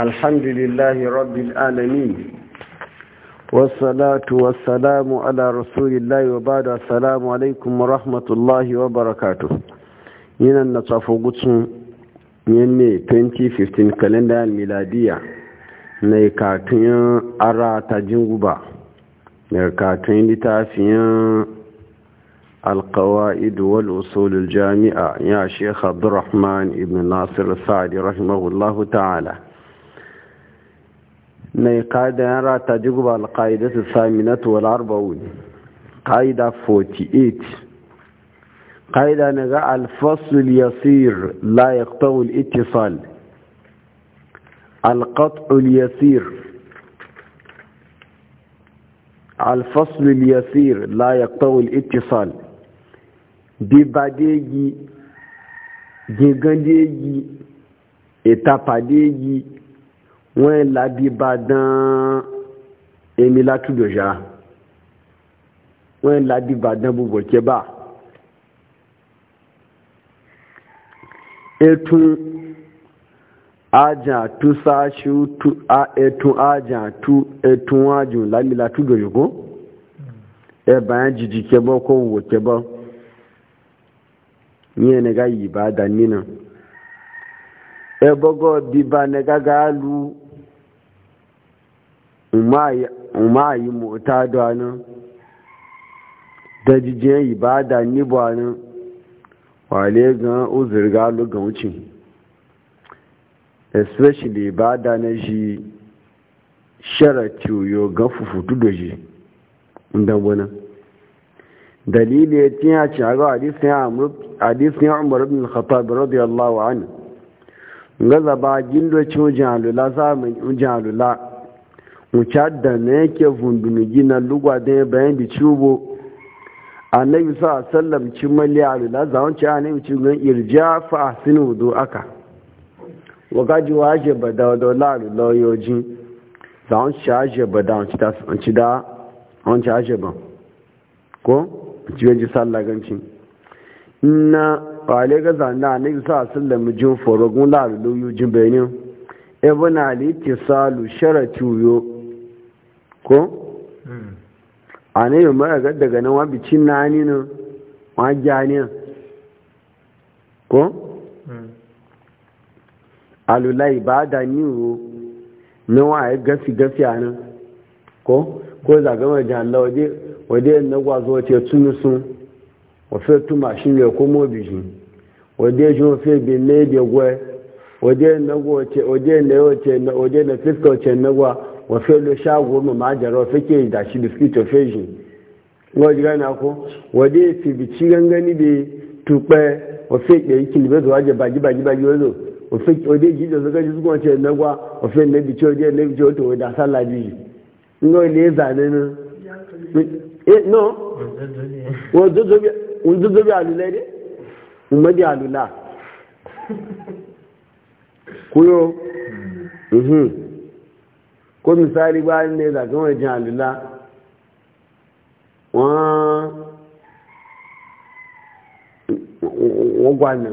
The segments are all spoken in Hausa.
الحمد لله رب العالمين والصلاة والسلام على رسول الله وبعد السلام عليكم ورحمة الله وبركاته هنا نتصفو قدسون يني 2015 كالندا الميلادية نيكاتين أرى تجنبا نيكاتين لتافين القواعد والأصول الجامعة يا شيخ عبد الرحمن ابن ناصر السعدي رحمه الله تعالى mai ƙa'ida ya rata jiguba alƙa'ida su sami na tuwal arba'un Ka'ida 48 ƙa'ida na ga alfasul yasir la ya ƙtawul itisal alƙat'ul yasir alfasul yasir la ya ƙtawul itisal dibadegi gigandegi etapadegi wọ́n labi ba dán emi látúndòjá wọ́n labi ba dán bubọ̀ kẹba etun ajan tu saṣu tu a etun ajan tu etun ajun lami látúndòjá kó ẹ̀bà yẹn jìjì kẹbọ kó wò kẹbọ yẹn nìka yìí bá dání náà ẹ bọ́gọ́ bíbá nìka gàá lu. umayi mota danin da jijiyar ibada nibanin wale gan uzurga lugan wucin especially ibada na shi sharatu yo ga fufutu da shi inda wani dalili ya tiya ce a ga hadisun ya umar ibn khattab radiyallahu anhu gaza ba gindo cin jalula wuce da na yake vundunigi na lugwa da ya bayan bi ciwo annabi sa sallam ci mali alula zawon ci annabi ci gan irja fa ahsin wudu aka wa gaji wa je bada da la alula yoji zawon ci aje bada on ci da on da on ci aje ba ko ci ganji sallah ganci inna wa le ga zanna annabi sa sallam jin forogun la alula yojin bayanin ibn ali tisalu sharatu yo ko hmm. a ne yi mara ga daga nan wa bicin na ni nan wa jani ko hmm. alulai ba da ni na wa ya gafi gafi a nan ko ko zagama jihalla waje waje na gwazo wace tunu sun wafe tuma shi ya ko mobi waje shi wafe bin ne da gwai waje na gwace waje na yawace waje na fiska wace na gwa wafe lo shago ma majara wafe ke da shi biskit wafe shi wajen gana ko wade bi bici gangani da wa wafe da yi kilibe zuwa je baji baji baji wazo wafe wade ji da zuga ji zuwa ce na gwa wafe na bici wade na bici wato wada sallah biyu ngo ne zane bi? eh no wazo zobi alula ne umadi alula kuyo mhm ko misali bayan ne zagan wajen alila wọ́n gwana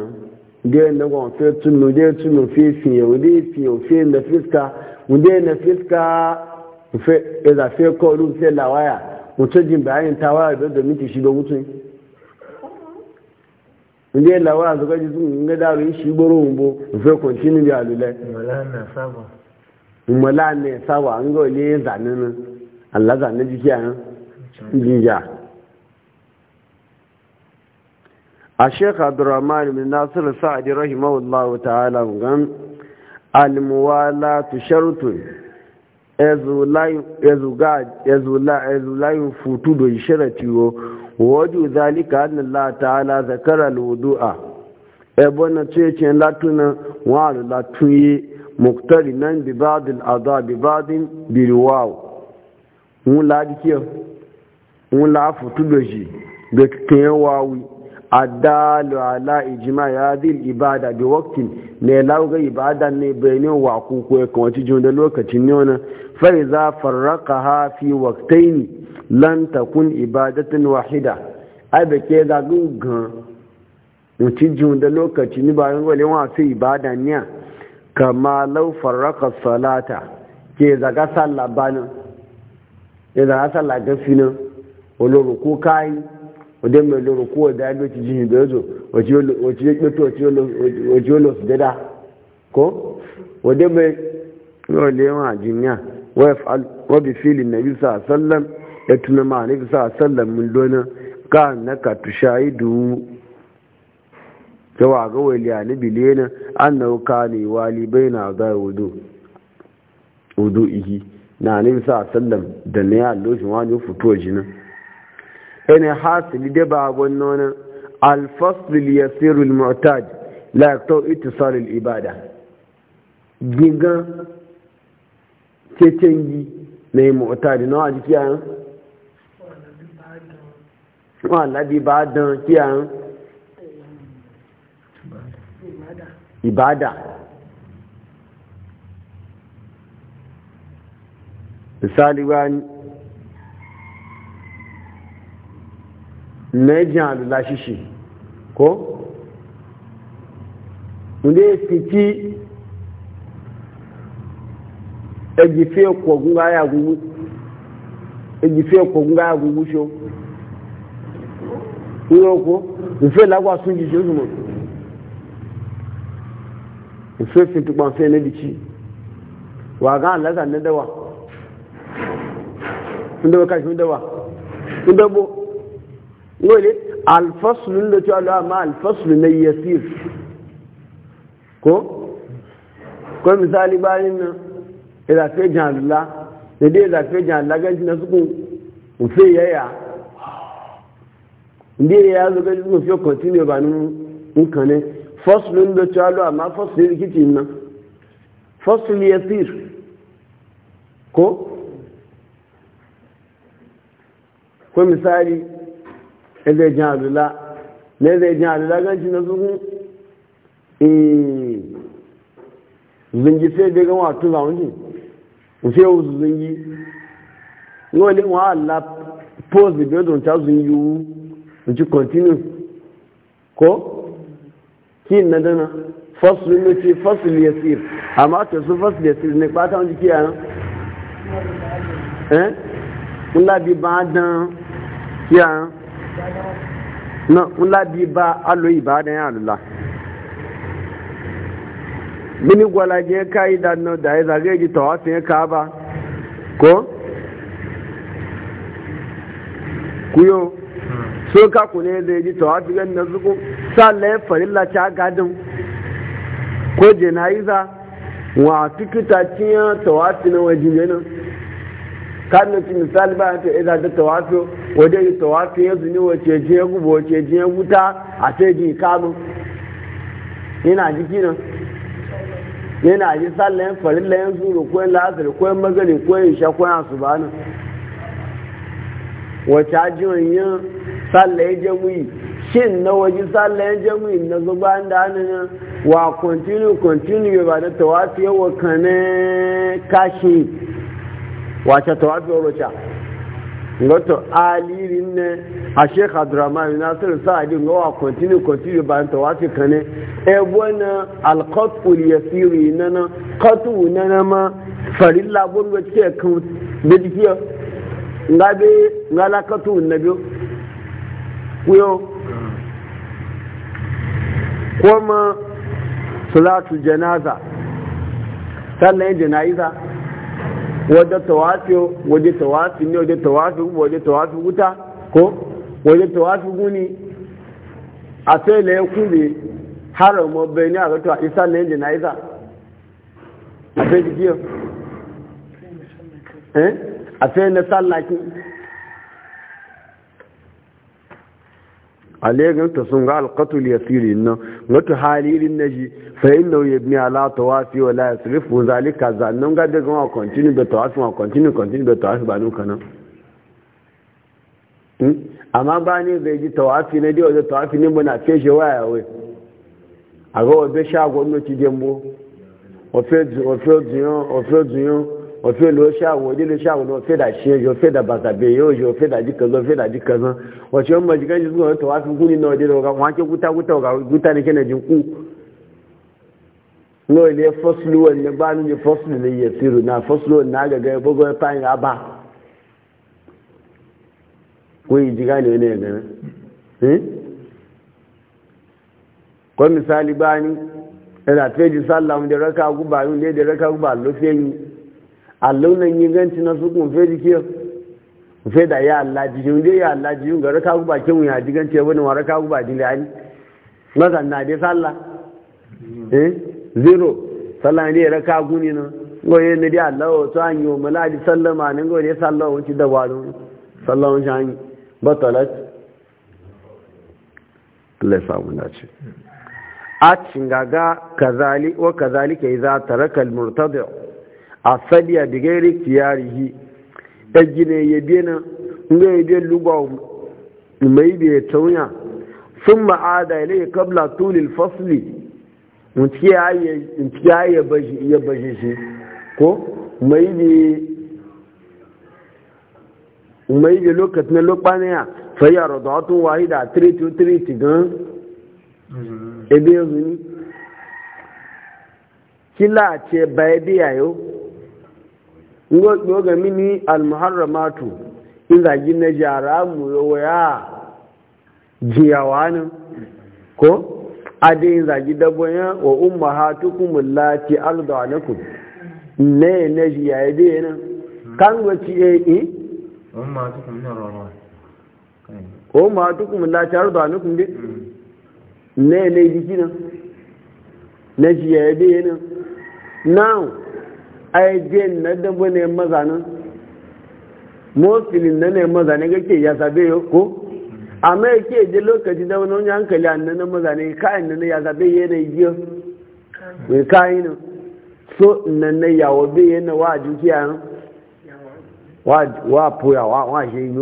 díẹ̀ na wọ́n fẹ́ túnú díẹ̀ túnú fẹ́ fìyàn wọ́n díẹ̀ fẹ́ na fiska wọ́n díẹ̀ na ẹ̀dà fẹ́ kọ́ olú fẹ́ làwáyà wọ́n tó jìn báyìí ta wáyà bẹ́ẹ̀ domin ti ṣi lọ́wọ́ tún mala ne sawa an ga wale zanen Allah jikiya jiki a jinja a shekha abdurrahman bin nasir sa'adi rahimahullahu ta'ala gan almuwala tu sharutun ezulayin futu da shiratiyo waju zalika anna Allah ta'ala zakara alwudu'a ebo na tuye cin latuna wa latun yi muktarinan bi ba'dil adha bi ba'din bi riwaw mun la dikiyo mun la da kiyan wawi adalu ala ijma ya dil ibada bi waqtin ne lauga ibada ne bayanin wa ku ko kan wata da lokacin ne wannan fa iza farraqaha fi waqtayn lan takun ibadatan wahida ai da ke ga gungan mutum jin da lokacin ne bayan wale wa sai ibada ne kama laufar raka salata ke zaga sallah banin ya zaga salla sallah gafinin olor'o ko kayi wadda mai lor'o ko wadda ya doki jihin da ya zo wace ya kito yolo su dada ko wadda mai yawon lewa a jiniya wabi filin na bisa sallan ya tuna ma na bisa sallan mildonin ka na ka tushayi duhu cewa ga waliya ni bilena annahu kani wali baina da wudu wudu ihi na ne sa sallam da ne ya loshi wani fito jinin ene hasili da ba gonnona al-fasl al-yasir al-mu'tad la yaqta'u ittisal al-ibada ginga cecengi ne mu'tad na ajiki an wa labi ba dan kiyan ibada misali wani mejin alula shishi ko? wanda ya fiti egife kogun gaya gugu egife kogun gaya gugu sho? ko? nfe lagwa sun jishe zumotu sofin tukpan sai na biki wa ga alaza na dawa sun dawa kashin dawa sun dabo wale alfasulun da ci alawa ma alfasulun na yasir ko ko misali bayan nan izafe e jan alula e da dai izafe jan alula ganci na sukun ufe yaya ndi ya zo ganci sukun fiye continue faslun da calo amma faslun rikici nan faslun ya tsir ko? ko misali ya zai jin alula ne zai jin alula ganci na zuhun zungi sai dai bai gan wato zaunji sai yau su zungi wani wa Allah pose bai don ta zungi wu in ci continue ko? kin na dana fasul ne ce fasul yasir amma to su fasul yasir ne ba ta wani kiya nan eh mun labi ba dan kiya nan na mun labi ba alo ibadan ya alula mini gwalaje kai da no da ya zage ji tawafin ka ba ko kuyo hmm. so ka kune zai ji tawafin na zuku sallaye farilla ta gadin ko jenayiza wa fikita ciyan tawafi na wajen yana kanin ci misali ba ta iza ta tawafi wajen yi tawafi ya zuni wace jiya gubo wace jiya wuta a sai ji kamun yana jiki nan yana ji sallayen farilla yan zuru ko yan la'asar ko yan magani ko yan isha ko yan asuba nan wace ajiyoyin sallaye jamuyi sin na waje sallayen jami'in na zuba da hannun wa continue continue ya bada tawafi yawa kane kashi wace tawafi yawa rocha goto alirin ne a sheikh na nasiru sa'adi ga wa continue continue ba tawafi kane ebo na ya siri na na kotu na na ma farilla bon wace kan bidiyar ngabe ngalakatu na kuyo kuma salatu janaza sallan janaza wadda tawafi wadda tawafi ne wadda tawafi wadda tawafi wuta ko wadda tawafi guni a sai la yakube haramo bayani a gato a isa na janaza a sai jikiyo eh a sai na sallakin a leganta sun ga alqatul yasiri nan wato halirin naji fa inna yabni ala tawafi wa la yasrifu zalika zannan ga daga wa continue da tawafi wa continue continue da ba nuka nan hmm? amma ba ne zai ji tawafi na dai wajen tawafi ne muna feshe waya wai a ga wajen gwamnati noci gembo ofe ofe ofe òfin ló ṣàwọn onílé ṣàwọn misali allunan yi ganci na sukun fe jike fe da ya Allah ji yun dai ya Allah ji yun gara ka guba kin ya ji ganci wani wara ka guba dile ani mazan na dai sallah eh zero sallah ne ra ka guni na goye ne dai Allah to an yi mala di sallama ne goye sallah wuci da waro sallah wuci an batalat Allah ya samu dace a cingaga kazali wa kazalika idza taraka al-murtadi' a sadiya da kiyari yi. ya e gina ya biya na ya biya lugba mai biya taunya sun ma'ada ya kabla tulil fasli mutu ya yi ya bashi shi ko mai mm-hmm. e biya mai biya lokacin na lokpaniya a rodatun wahida 323 gan ebe yanzu ni kila ce bai biya yau ngo ga mini al muharramatu in zagi na jara mu yoya nan? ko adin zagi dabbanya wa ummahatukum allati arda'anakum ne ne jiyaye dai nan kan wace eh ummahatukum na rama ko ma tukum la tar da nukum de ne ne dikina na jiyaye dai nan now ai biyan na dabo ne mazanin mosulin na ne mazanin kake ya zabe yau ko amma ke je lokaci da wani wani hankali annan na mazanin kayan nan ya sabe yanayi yi mai kayan nan so nan na yawo bi yana wa dukiya wa puya wa shi e yi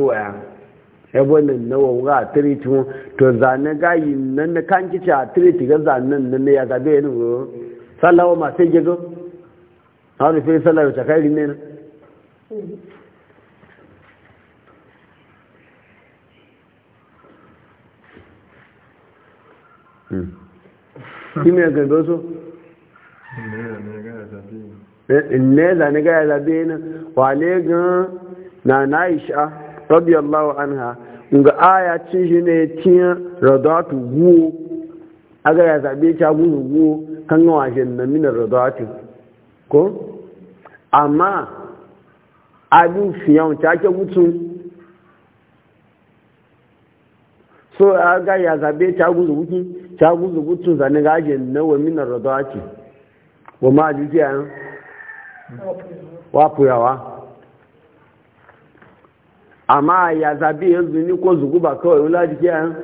wa nan na wa wawura a tiriti mu to zane gayi nan na kan kici a tiriti ga zanen nan na ya gabe yana wuro sallawa masu gizo àwọn ìfẹ́ sọ́lá ìṣàkárí mẹ́rin kí mẹ́rin gẹ̀gẹ́ só mẹ́rin ní ya eh, zabe na gan na náìṣà rọ́bí allahu anha nga aya cin shi ne tiyan radatu guwo a gáyà zabe ta guo kan gawa shi na minar ko amma abin fiyan ake mutu so a ga ya zabe ta guzu wuki ta guzu wutu zanen gaje na wa minar radawa ce wa ma jujiya yan wapuyawa amma ya zabe yanzu ni ko zugu ba kawai wula jikiya yan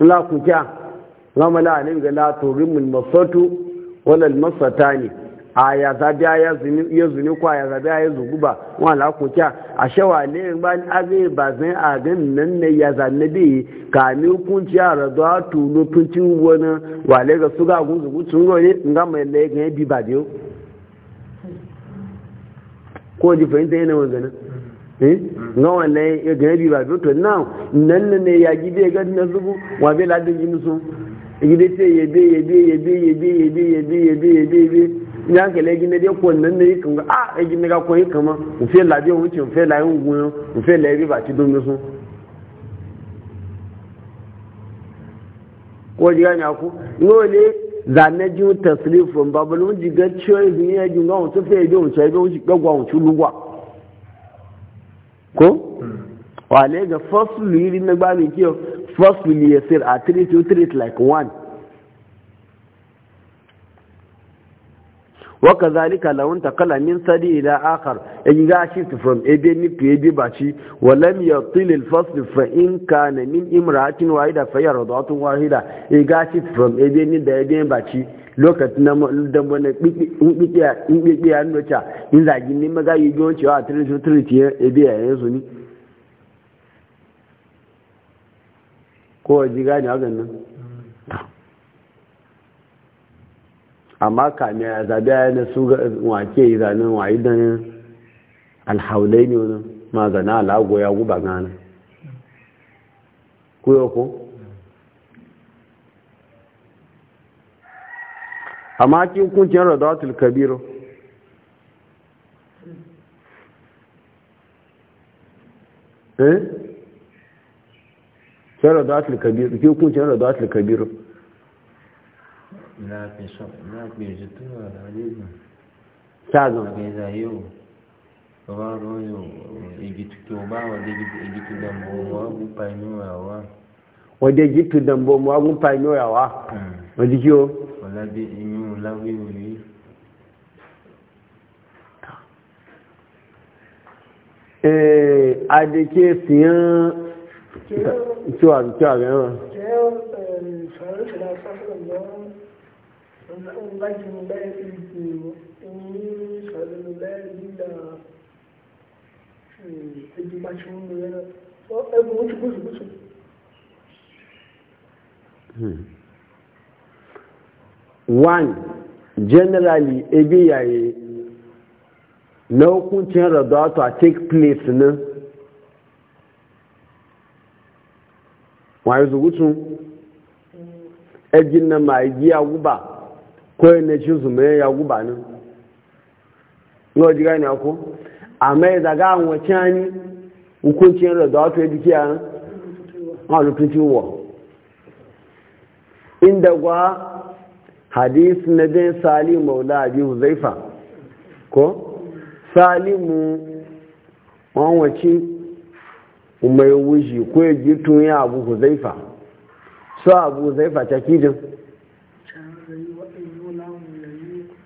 wula kukiya ramala ne ga la turimul masatu wala masata ne aya zabi aya ya zuni ko aya zabi aya zuguba wa la ko kya a shawa ne ba ni abe ba zan a gan nan ne ya zannabi ka ni kun ci ara da tun no tun ci wa ale ka suga gun zugu tun go ne nga mai le ga bi ba dio ko ji fa inda yana wanga gana nga wa le gana bi ba dio to now nan ne ya gibe ga na zugu wa be la din ni so igide te yebe yebe yebe yebe yebe yebe yebe yebe yebe ya ga le gine de ko nan ne kan a e gine ga ko yi kama mu fe la bi mu ti mu fe la yin gun mu fe la bi ba ti dun sun ko ji ga ku no le za ne ju tasrifu babalu ji ga ciyo bi ya ji ga mu to fe bi mu sai bi mu ji gbagwa mu chu lugwa ko wale ga fasli ri na gba mi lu yi yasir at least you treat like one waka zalika lawan takala min sadi ila akhar in ga shift from ebe ni to ebe baci wa lam yatil al fasl fa in kana min imra'atin wahida fa radatu wahida in ga shift from ebe ni da ebe baci lokacin na dan wani bibi in bibiya no cha in zagi ni maga yi gon cewa trinity trinity ebe ya yanzu ni ko ji gani hagan nan amma kamiya ya zabi a na su ga wake yi zanen wayi don alhaulai ne wani ma zana alago ya guba gana kuyo ko amma ki kunkin radatul kabiru eh sai radatul kabiru ki kunkin radatul kabiru na fi na wọ́n dé èjì dàmbò inú wá. wọ́n kí inú láwé tí eh, rẹ̀ ọgbàjì ní bẹ́ẹ̀ fi gbò ní ìṣàlẹ̀ one generally ebe yayi na hukuncin radatu a take place nan wayo zugutun ejin na ma giya guba ko ne ci su me ya guba nan ngo diga ni ako ame da ga won chani hukuncin ro da to ediki an ma lu tuti inda gwa hadis na bin salim maula abi huzaifa ko salimu wọn wace umar wuji ko ya jirtun ya abu huzaifa so abu huzaifa ta kijin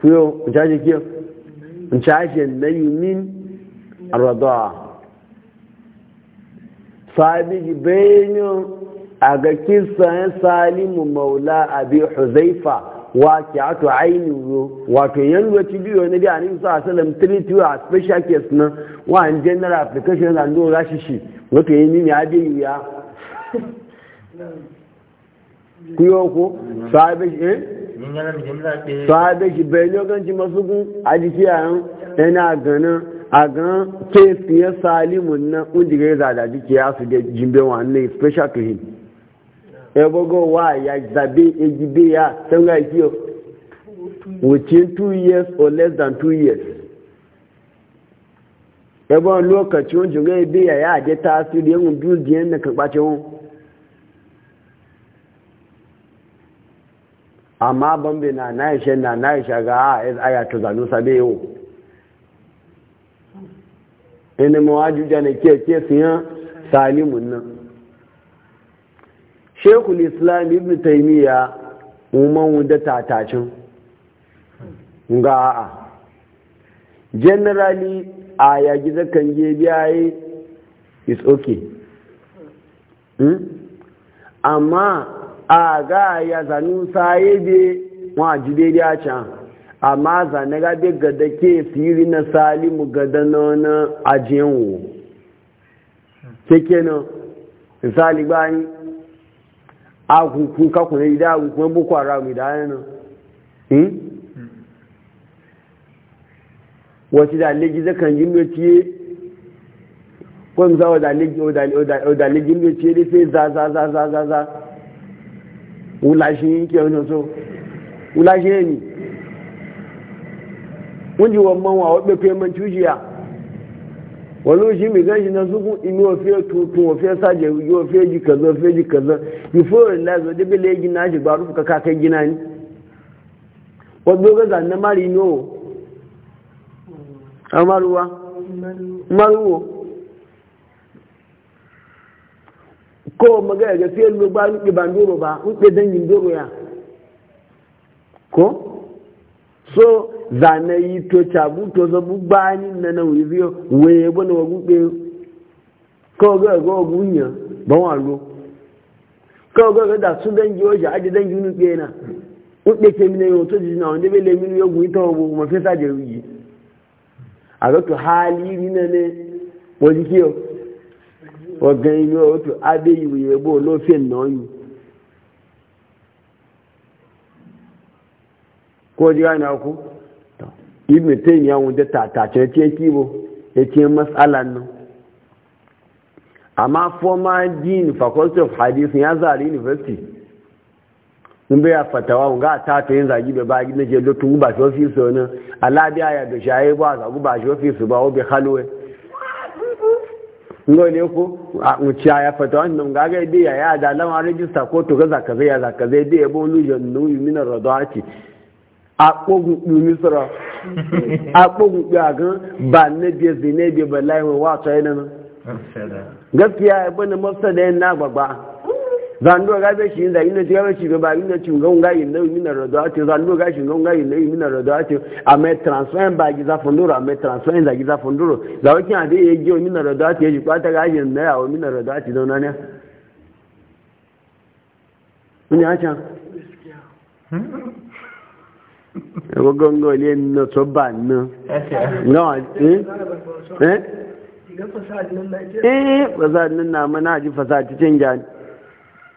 kuyo ncaje kiyo ncaje nayi min arada sabi jibenyo aga kisa salimu maula abi huzaifa waqi'atu aini wato yanzu ci biyo ne da annabi sallallahu alaihi wasallam treat special case na wa general application na ndo rashishi shi wato yin ni ya bi ya kuyo ko sabi eh sọ́ádé ti bẹ̀rẹ̀ ní ọgán ti mọ́ sókún àdìsí àrùn ẹni àgànnà àgán kéèfì yẹn sáálìmù náà ń dìgẹ́ ìzàdàjì kí a sùn jìnbẹ̀ wọn ní special to him ẹgbọ́gọ́ wà àyà ìzàbí ejìbé yà sẹ́ńgà ìkí o within two years or less than two years ẹgbọ́n lókàtí oúnjẹ gẹ́gẹ́ ya yà yà àjẹta sí ilé ẹ̀hún bí ó di wọn. amma bambe na na ishe na na ishe ga a ah, aya to zanu sabe yau ina mawajuja na ke ke siyan salimun nan shekul islam ibn taimiyya umar ta tacin ga a generally a yagi zakan je biyaye is okay hmm? amma a ga ya zanu saye be wa jide daidai a amma zane ga be ga da ke firi na salimu ga da na ajiyan wo keke na misali bayan a kun kakunan idan a kuma boko haram idan yana hmm? wasu da alegi zakan yi notiye kwanza wa da alegi notiye da sai za za za za za wùláṣí kí ọ̀nà tó wùláṣí ẹ̀yìn wọ́n jí wọ́n mọ́ wọn àwọn pẹ̀pẹ̀ ẹmọ tí ó jìyà wọ́n ló ṣí mìíràn ṣe náà inú ọ̀fẹ́ tuntun ọ̀fẹ́ sájẹ̀ yóò jì kẹ̀zọ́ ọ̀fẹ́ jì kẹ̀zọ́ ìfọ́ ìrìnlẹ́zọ́ débìlẹ̀ ẹ̀jì náà ṣùgbọ́n arúfù kàkà kẹ́jì náà ni wọ́n gbé ọgọ́gà ní márùn-ún inú ko maga ga fiye lo ba nke ba ndoro ba nke dangin ndoro ya ko so zane yi to chabu to zo bu na na wizio we bo na wagu pe ko ga go ba wa lo ko ga ga da su dangi o ja aje dangi pe na nke ke mi ne yo to ji na onde be le mi yo to fe ọ̀gán ilé otu adéyìwò yẹ̀bọ̀ olófin náà yìí kó jẹ́ àná ọkú ibi tẹ́yìn àwọn jẹ́ tààtàtà tí ẹ kíbo ẹtí ẹ masala nù àmà fọ́mà dean faculty of hadith ní azari university mun bai fatawa mun ga ta ta yin zagi bai ba gina je lotun ba shi ofisu ne alabi aya ga shaye ba zagu ba shi ofisu ba ngo ne ko a uciya ya fata wannan ga ga dai ya da lama register ko to ga zaka zai ya zaka zai dai na nu yan nu min radati a kogu dumi sura a kogu ga ga ba ne bi zine bi balai wa ta yana gaskiya ibn masa da na gbagba zandu ga be shi da inda ga be shi ba inda ci ga unga na rodo ati zandu ga shi ga unga inda mi a me transfer ba za a me transfer da gi za da a de ye gi mi na rodo ji kwata ga shi na ya o mi na rodo ati don ne mun ya cha le no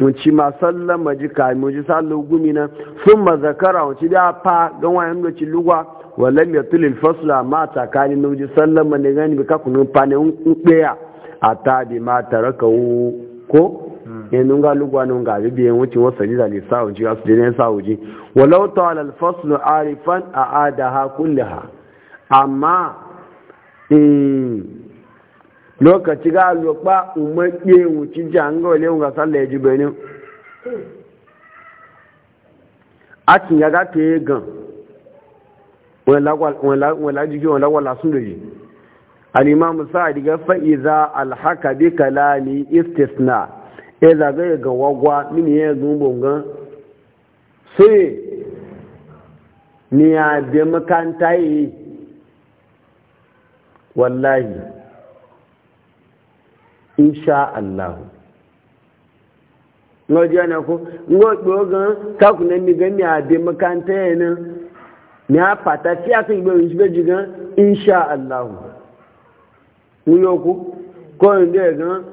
wunci ma sallan maji kayan maji sallan gumi na sun ma zakara wunci da fa don wayan lokaci lugwa walam ya tuli fasla ma tsakanin na wuji sallan ma ne gani bi kakunin fane ɗaya a ta bi ma taraka ko hmm. yanzu ga lugwa nun ga bibiye wuce wasa ni da lisa wuce ga su jinin sa wuce walau ta alal faslu arifan a adaha kullaha amma eh, lokaci ga lokpa umar ɗe wuci janga wale wunga sallah ya ji benin a kin ya ta yi gan wala jiki wala wala sun da ji al'imamu sa'adi ga fa'iza alhaka bi kalami istisna ya e zaga ya ga wagwa mini ya zumbon gan sai ni ya e bi makanta yi e. wallahi insha Allah ngoji ana ko ngo gbo gan ka ku ne mi gan mi ade makanta yana mi a fata ti a tun gbe yin be gan insha Allah mu yoku ko nde gan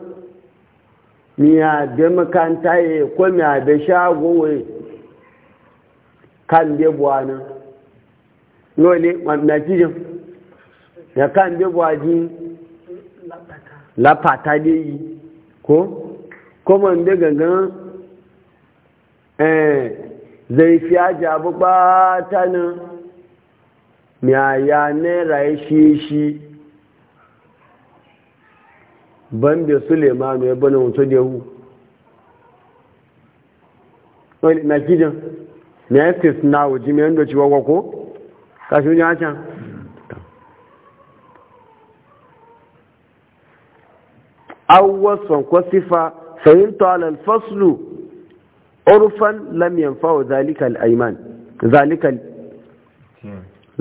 mi ade makanta ye ko mi ade shago we kan de bwana ngole ma na jijin ya kan de bwaji lapata lápàtà dé yìí kó kọ́mọ̀ ń dé gangan zai fi aja bukpa ta nan yaya naira ya shi shi ban da sulemanu ya bane wato da yahu na kijin na ya kristina wajen mai yadda ciwawa ko kashi wajen hacan awwasan ko sifa fahimta alal faslu urfan lam yanfa wa zalika al ayman zalika al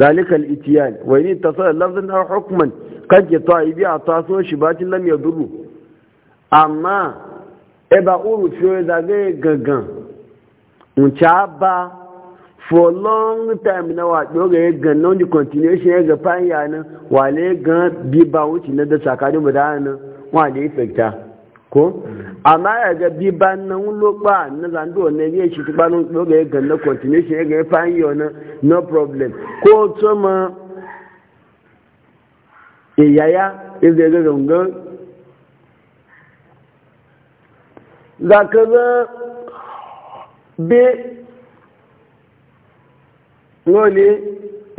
zalika al itiyan wa in tasal lafzan aw hukman kan ke to biya a taso shi ba tin lam yaduru amma e ba uru fi o da ga gangan un cha ba for long time na wa do ga gan no continuation ga fanya na wale gan bi ba wuci na da sakari mu da na wọn àlè ìfẹ̀ta ko amma ya ga bi ba nan lokpa na zando ne ne shi tuba nun loga ya ganna continuation ya ga ya fan yo na no problem ko to ma e yaya e ga ga ga za ka ga be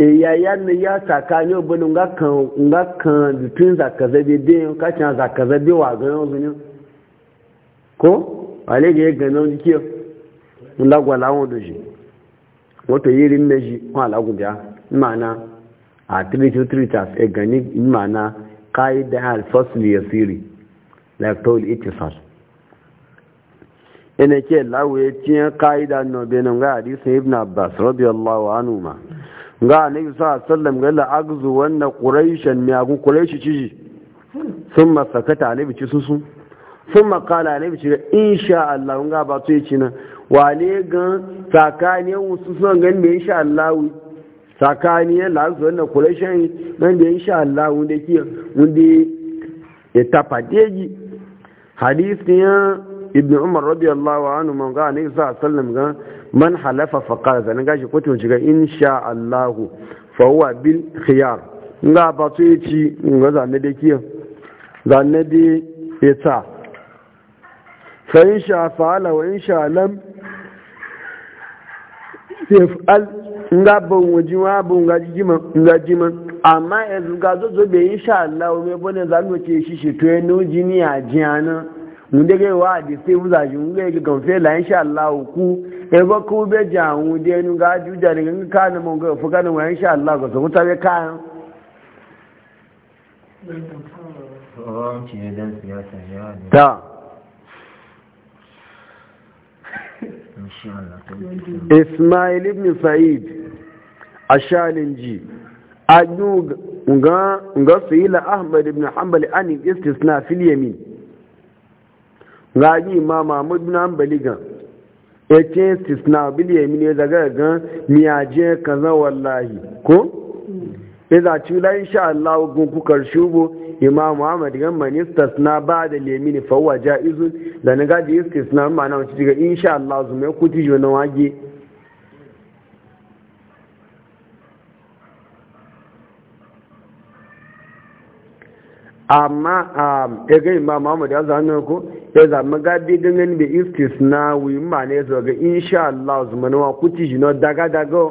yaya e, na ya tsakani obin nga kan ka zakazabe din kacin zakazabe wa ganin zuni ko ale ga ya ganin jike lagwala wọn da shi e wato yi rin na shi wọn alagun biya imana a tritu tritas e gani imana kayi da alfasul ya siri lactol itisar ina ke lawo ya ciyen kayi da nobe ga hadisun ibn abbas radiyallahu anhu ma ga annabi sa sallam ga la agzu wanna quraishan miyagun quraishi ciji summa sakata annabi ci susu summa qala annabi ci insha Allah ga ba to yi na wale ga sakaniyan wasu sun ga me insha Allah sakaniyan la agzu wanna quraishan nan da insha Allah wanda ke wanda ya tafadeji hadisi ya ibn umar radiyallahu anhu man ga ne sa sallam ga man halafa fa qala zan gashi ko tun shiga insha Allah fa huwa bil khiyar nga ba to yi nga zanne da kiyo zanne da yata fa insha fa'ala wa insha lam yaf'al nga ban waji wa ban ga jima nga jima amma yanzu ga zo zo be insha Allah me bone zan wuce shi shi to ya nuji ni a jiyana mu dege wa di sai wuza ji wunde ga fe la insha Allah ku e ba ku be ja de nu ga juja da ga ka na mu ga fu ga na wa insha Allah ga so ta be ka ta Ismail ibn Sa'id Ashalinji Ayu nga ga Sayyid Ahmad ibn Hanbal an istisna fil yamin raji ma mahmud bin hanbali gan yace e tisna mini ya e daga gan miyaje kaza wallahi ko idza e in insha Allah gun ku karshubo imam muhammad gan man istisna ba'da yamin fa huwa jaiz da na gaji istisna ma'ana wace diga insha Allah zume ku tijo na wage amma a ga imam muhammad ya zanna ko ya zama gadi gangan da na wi ma ne zo ga insha Allah zumana wa kuti jino daga daga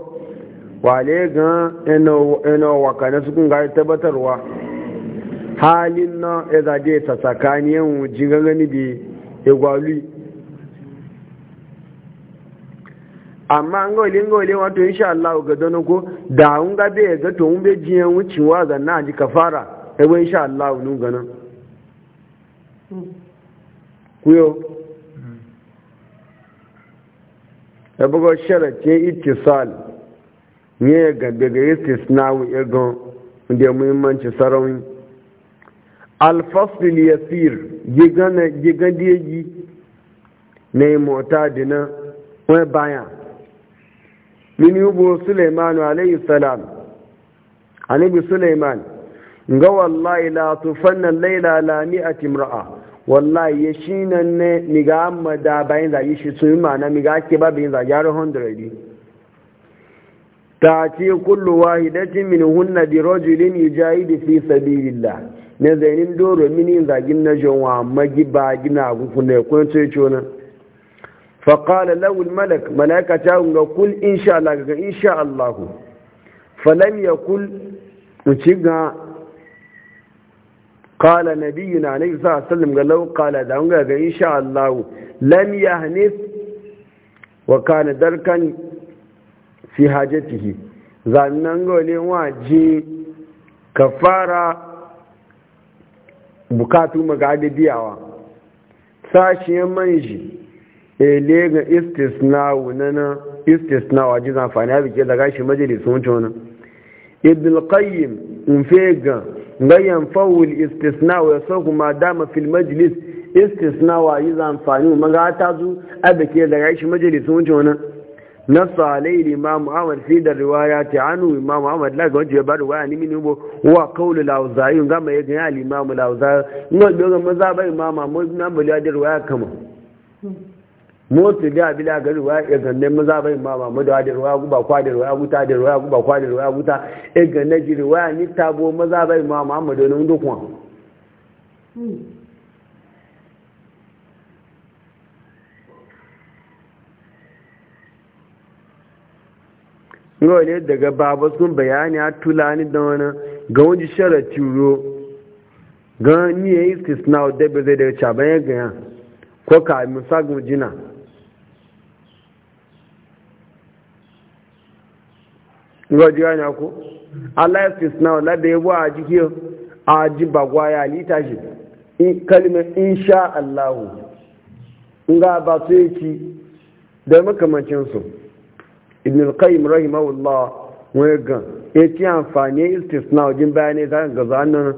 wale ga eno eno wa kana su kun ga tabbatarwa halin na ya zade ta tsakaniyan wujin gangan da e egwalu amma an gole gole wato insha Allah ga don ko da un ga be ga to un be jiyan wucewa ga na ji kafara ebo insha Allah nun ganan kuyo ya bugo sharace ittisal ne ya gabe ga istisnawu egon da muhimmanci sarauni alfasul yasir gigan deji na yi mota dina wani bayan min yubo suleimanu alayhi salam alibi suleiman ga wallahi la tufanna laila la a timra'a wallahi ya shi nan ne miga amma da bayan zagi shi sun ma na miga ake ba bayan zagi har 100 ta ce kullu wahidatin min hunna bi rajulin yujahidu fi sabilillah ne zainin doro mini zagin na jonwa magi ba gina gufu ne kun ce cona fa qala lahu al malak malaika ta ga kul insha Allah ga insha Allah falam yakul uci ga na qala nabiyuna alayhi sallam ga law qala da ga ga insha Allah lam yahnis wa kana darkan fi hajatihi zannan gole waje kafara bukatu magadi biyawa sashiyan manji ele ga istisna wunana istisna waje zamfani abike da gashi majalisun wuce wani ibn qayyim in fega bayan fawul istisna wa yasa kuma dama fil majlis istisna wa yi za amfani ma ta zu abake da gashi majalisun wuce wannan nasu alayhi imam Muhammad fi da riwaya ta anu imam ahmad la ga ya ba riwaya ni mini bo wa kaulu lauzayi ga mai ga al imam lauzayi no do ga maza ba imam ahmad na bali da riwaya kama motsi da bila ga ruwa ya ganne maza bai ma ba mu da da ruwa guba kwa da ruwa guta da ruwa guba kwa da ruwa guta e ganne ji ruwa ni tabo maza bai ma ma mu da nan dukwa daga babu sun bayani a tulani da wani ga wani sharati ro ga ni ya yi da ya ko ka musa wajen yana ku allah ya fisna wala da yabo a jiki a ji bagwa ya lita shi kalmar insha allahu nga ba su yake da makamancin su ibn al-qayyim rahimahullah wani gan ya ci amfani istisna wajen bayanai za ka gaza nan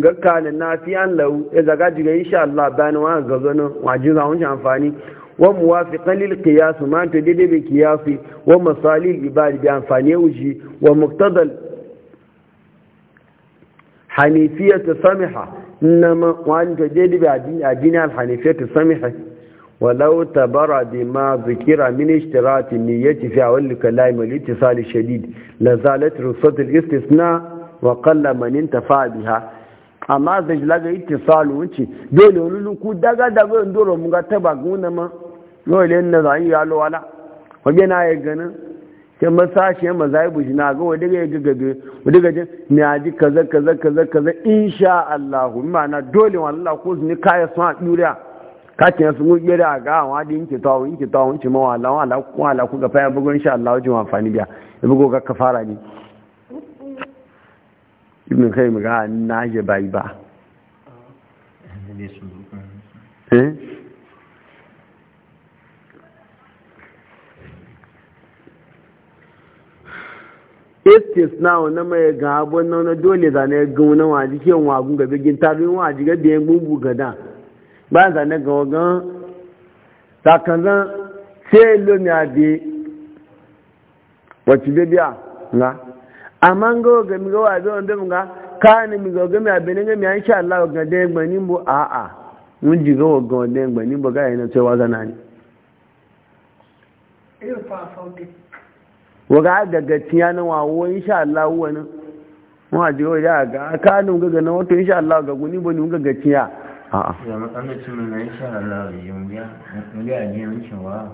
ga kanin na fi an lau ya zaga jiga insha allah bayanin wani gaza a wajen za amfani wa muwafiqan lil qiyas ma to daidai bi qiyasi wa masalil ibad bi amfani wuji wa muqtadal hanifiyatu samiha inma wa to daidai bi adini al hanifiyatu samiha ولو تبرع بما ذكر من اشتراط النية في أول "La والاتصال الشديد لزالت رخصة الاستثناء وقل من انتفع بها amma zai laga itisal wuce dole wani luku daga daga indoro mun ga taba guna yau ne na zan yi yalo wala wabe na ya ganin ke masashe mazaibu shi na ga wadda ya gagabe wadda ga jin na ji kaza kaza kaza kaza insha Allah ma'ana dole wallahi ko su ne kaya sun a duriya ka ce sun mu gida ga wa din ki tawo in ki tawo in ci ma wala wala ku wala ku ga fa bugo insha Allah ji amfani biya ya bugo ga kafara ne ibn kai mu ga na je bai ba eh istisna wani mai ga abun nan dole zane ga wani waji ke wagun ga bigin tarin waji ga biyan gada ba zane ga wagan takanzan sai lo mi abi wacce bibiya nga ga ga ga mu mi ga ne ga mi a a mun ji ga wagan da gbani bu ga yana cewa zana waga daga tiyana wawo insha Allah wani wa je wa ya ga ka nun ga na wato insha Allah ga guni bani ga gaciya a a ya mu matsalar cin na insha Allah mun ya mun ya ji mun cewa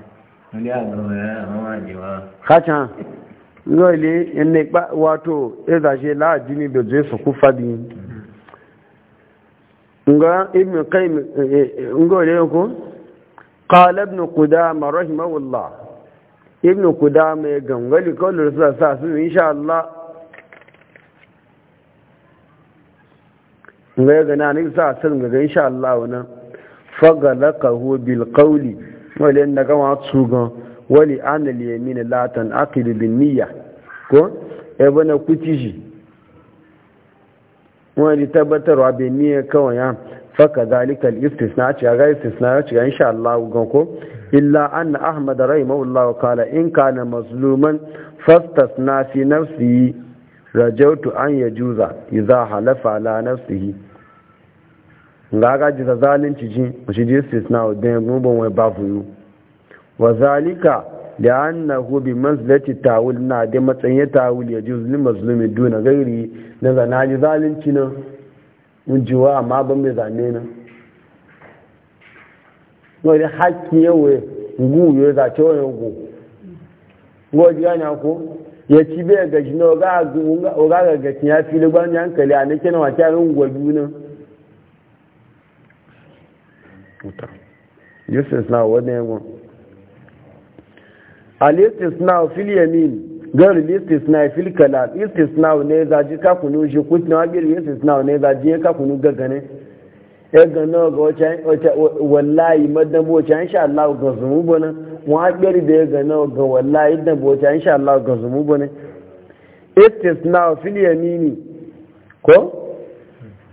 mun ya ga wa ya amma wa ka ta can lole ne ba wato e eza she la jini be je su ku fadi nga ibn qayyim e, e, e, ngo le ko qala ibn qudama rahimahullah ibn kudama ya gangali kawai da sa su insha Allah ga ya gana ne sa sun ga insha Allah wannan fagalakahu bil qawli wale na gama tsugan wale an al yamin la tan niyya ko ebe na kuci shi wani tabbatarwa bin niyya kawai ya faka zalika al na ci ga istisna ci ga insha Allah gan ko illa anna ahmad rahimahullah qala in kana mazluman fastasna fi nafsihi rajautu an yajuza idza halafa ala nafsihi ngaga ji da zalunci ji shi ji istisna da gubon wai ba fuyu wa zalika da annahu bi tawul na da matsayin tawul ya juz lil mazlumi duna gairi na zanaji zalunci nan mun jiwa amma zane wani haki yawon gu ya zace wani gu wani yana ko ya ci bai gaji na oga ga gaji ya fi liban ya hankali a nake na wata yarin gwabi nan yusuf na wani yawon al-istisna fil yamin gar al-istisna fil kalam istisna ne zaji ka kunu shi kutna wa bir istisna ne zaji ka kunu gagane ya gano ga wacce wallahi madan bocha insha Allah ga zumu bana wa biyar da ya gano ga wallahi dan bocha insha Allah ga zumu bana istisna fil yamini ko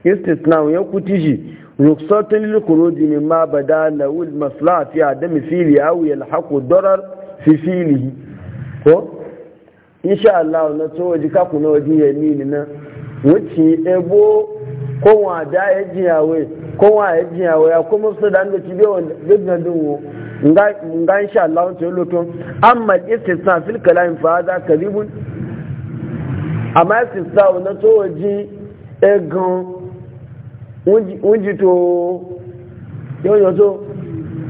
istisna ya kutiji ruksatun lil khuruj mimma bada lahu al maslaha fi adam fili aw yalhaqu darar fi filihi ko insha Allah na to waje ka kuna waje yamini na wuce ebo ko wa da ya jiyawe kowa ya ji yawo waya kuma su da hanga cibe wa gaggan dinwo nga insha Allah wancan lotun amma istisna fil kalam fa hada kadhibun amma istisna na to waji egan wunji to yau yau to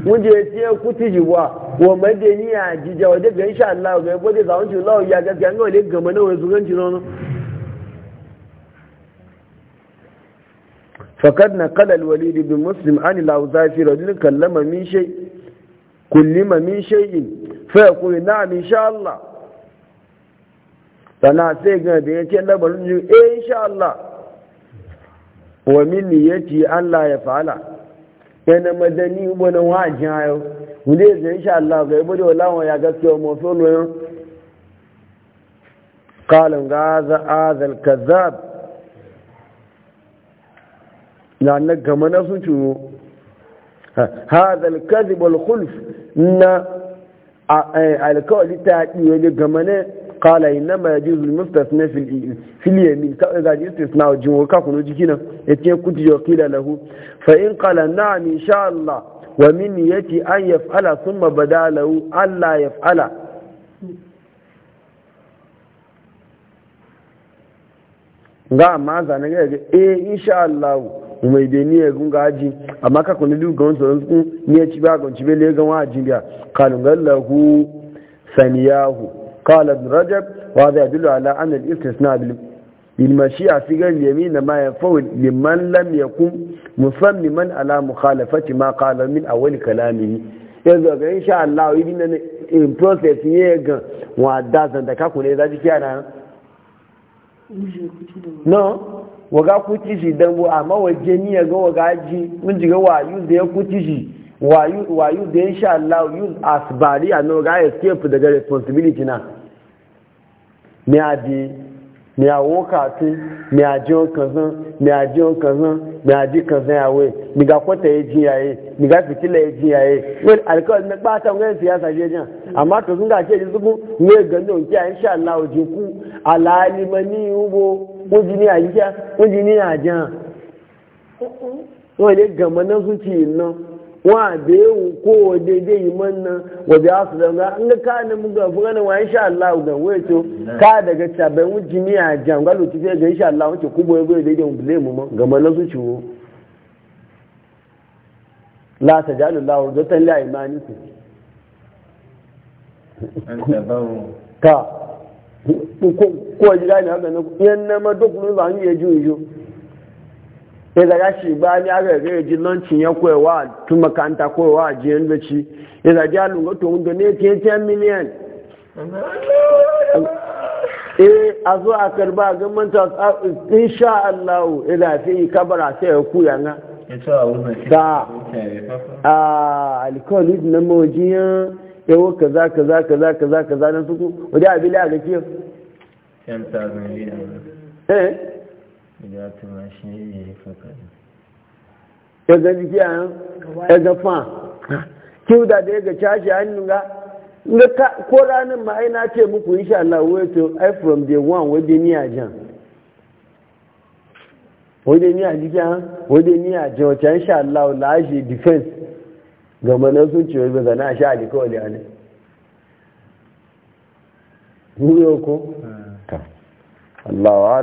wunji e e ya ce kuti jiwa wa madani ya jija wa daga insha Allah ga gode za wancan lawo ya gaskiya ga wale gama na wani zuganci nono fakad na kalal walidi bin muslim an lau zafi rajulun kallama min shay kullima min shay'in fa yaqul na'am insha Allah sana sai ga da yake labarin ji eh wa min niyyati an la yafala yana madani wani wajin ayo wanda ya zai insha Allah ga da walawa ya gaskiya mu so ne qalan gaza azal kazzab na na gama na sun ci wo ha zalkazib na alkawali ta yi gama ne kala yi na ma ya jizu mustas na filiyar min ta ɗaga jistis na wajen wo kaku na jiki na ya ce ku ji yau kila lahu na mi sha allah wa min ya an ya fala sun ma ba allah ya ga amma zanen ga ya ga eh insha allah mai dai ni ya gunga haji amma ka kuni duk gawon tsoron su ni ya ci ba gawon ci bele gawon haji biya kalungar lahu saniyahu kala ibn rajab wa zai dula ala an al istisna bil il mashi a sigar yamin ma ya fawil liman lam yakun musammi man ala mukhalafati ma qala min awwal kalamihi yanzu ga insha Allah yi dinan in eh, process ne ga wa da zan da ka kuni da ji kiyana non waga kuti shi dan bu amma waje ni ga waga ji mun ji ga wayu da ya kuti shi wayu wayu da insha Allah as a no ga escape daga responsibility na ne adi mi awo kati mi ajiyan kanzan mi ajiyan kanzan mi aji kanzan yawe mi ga kwata ya ji yaye mi ga fitila ya ji yaye wani alkawar na bata wani siyasa je jan amma to sun ga ke ji zubu ne gando ki a insha Allah ji ku alali mani ubo uji ni ya ajija uji ni ajan wani gama na zuci na. wa da yawu kowa daidai yi manna wa asu da ga an ka ne mun ga fuga ne wa insha Allah ga wai to ka daga tabe mu jimiya jangalo ti ga insha Allah wace kubo ya goye daidai mu bile mu ga su ciwo la tajalu la la ka ko ko ji haka ne yan na ma an yi ju ju sai ga shi ba ni aka ga yaji lancin ya koyawa tun makanta koyawa a jiyan da ya da ja lunga to ne ke ce miliyan a zo a karba ga manta insha Allah ila fi kabara sai ya kuya na da a alkoholi na mawajiyan yawo kaza kaza kaza kaza kaza na suku wadda a ga kiyo 10,000 eh ya? jíjẹ́ àrùn ẹgbẹ́ fún da kí ga dàdé ẹgbẹ́ ṣáṣẹ́ àánúgá ní ko ranar ma na ce muku insha Allah wey to i from day one wey dey ní àjá wey dey ní àjíjá wey dey ní àjá ọ̀chá insha Allah láàṣẹ defense gọmọ̀nà sun ce wọ́n gbẹ̀gbẹ̀ a ṣáà àdíkọ́ ọ̀lẹ́ ne? wúrí Allah